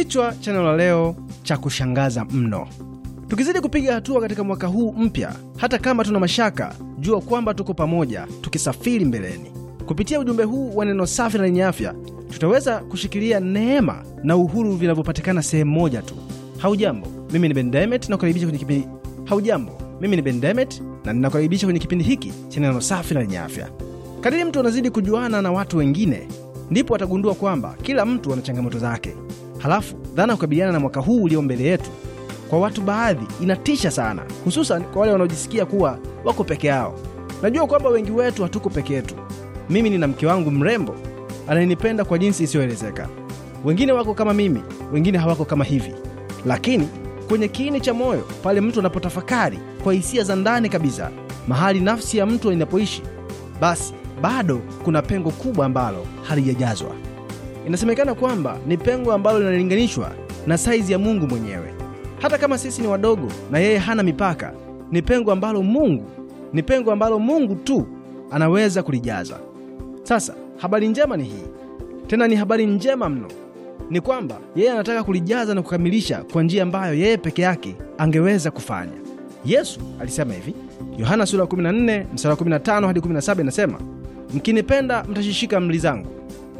Kichwa cha neno la leo cha kushangaza mno. Tukizidi kupiga hatua katika mwaka huu mpya, hata kama tuna mashaka, jua kwamba tuko pamoja tukisafiri mbeleni. Kupitia ujumbe huu wa neno safi na lenye afya, tutaweza kushikilia neema na uhuru vinavyopatikana sehemu moja tu. Haujambo, mimi ni Bendemet na kukaribisha kwenye kipindi. Haujambo, mimi ni Bendemet na ninakukaribisha kwenye kipindi hiki cha neno safi na lenye afya. Kadiri mtu anazidi kujuana na watu wengine ndipo watagundua kwamba kila mtu ana changamoto zake. Halafu dhana ya kukabiliana na mwaka huu ulio mbele yetu kwa watu baadhi inatisha sana, hususan kwa wale wanaojisikia kuwa wako peke yao. Najua kwamba wengi wetu hatuko peke yetu. Mimi nina mke wangu mrembo anayenipenda kwa jinsi isiyoelezeka. Wengine wako kama mimi, wengine hawako kama hivi, lakini kwenye kiini cha moyo, pale mtu anapotafakari kwa hisia za ndani kabisa, mahali nafsi ya mtu inapoishi, basi bado kuna pengo kubwa ambalo halijajazwa. Inasemekana kwamba ni pengo ambalo linalinganishwa na saizi ya Mungu mwenyewe. Hata kama sisi ni wadogo na yeye hana mipaka, ni pengo ambalo Mungu ni pengo ambalo Mungu tu anaweza kulijaza. Sasa habari njema ni hii, tena ni habari njema mno, ni kwamba yeye anataka kulijaza na kukamilisha kwa njia ambayo yeye peke yake angeweza kufanya. Yesu alisema hivi, Yohana sura 14 mstari 15 hadi 17 inasema Mkinipenda mtashishika amri zangu,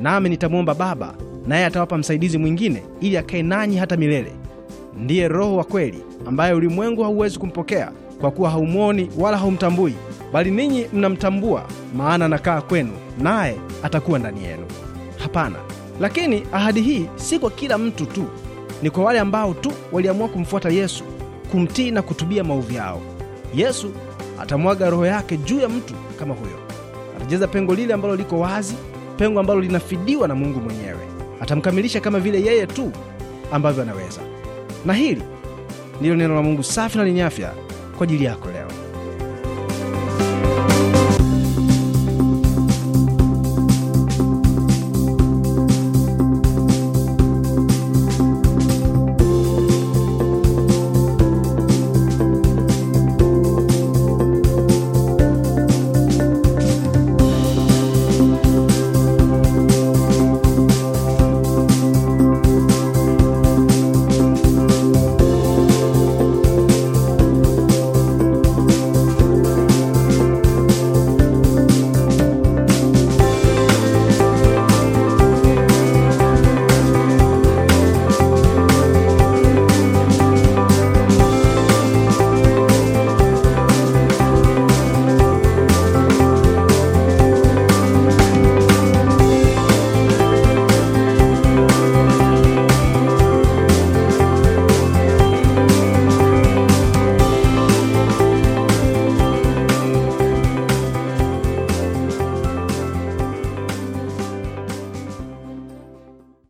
nami nitamwomba Baba, naye atawapa msaidizi mwingine, ili akae nanyi hata milele. Ndiye Roho wa kweli, ambaye ulimwengu hauwezi kumpokea kwa kuwa haumwoni wala haumtambui, bali ninyi mnamtambua, maana anakaa kwenu, naye atakuwa ndani yenu. Hapana, lakini ahadi hii si kwa kila mtu tu, ni kwa wale ambao tu waliamua kumfuata Yesu, kumtii na kutubia maovu yao. Yesu atamwaga Roho yake juu ya mtu kama huyo atajaza pengo lile ambalo liko wazi, pengo ambalo linafidiwa na Mungu mwenyewe. Atamkamilisha kama vile yeye tu ambavyo anaweza. Na hili ndilo neno la Mungu safi na lenye afya kwa ajili yako leo.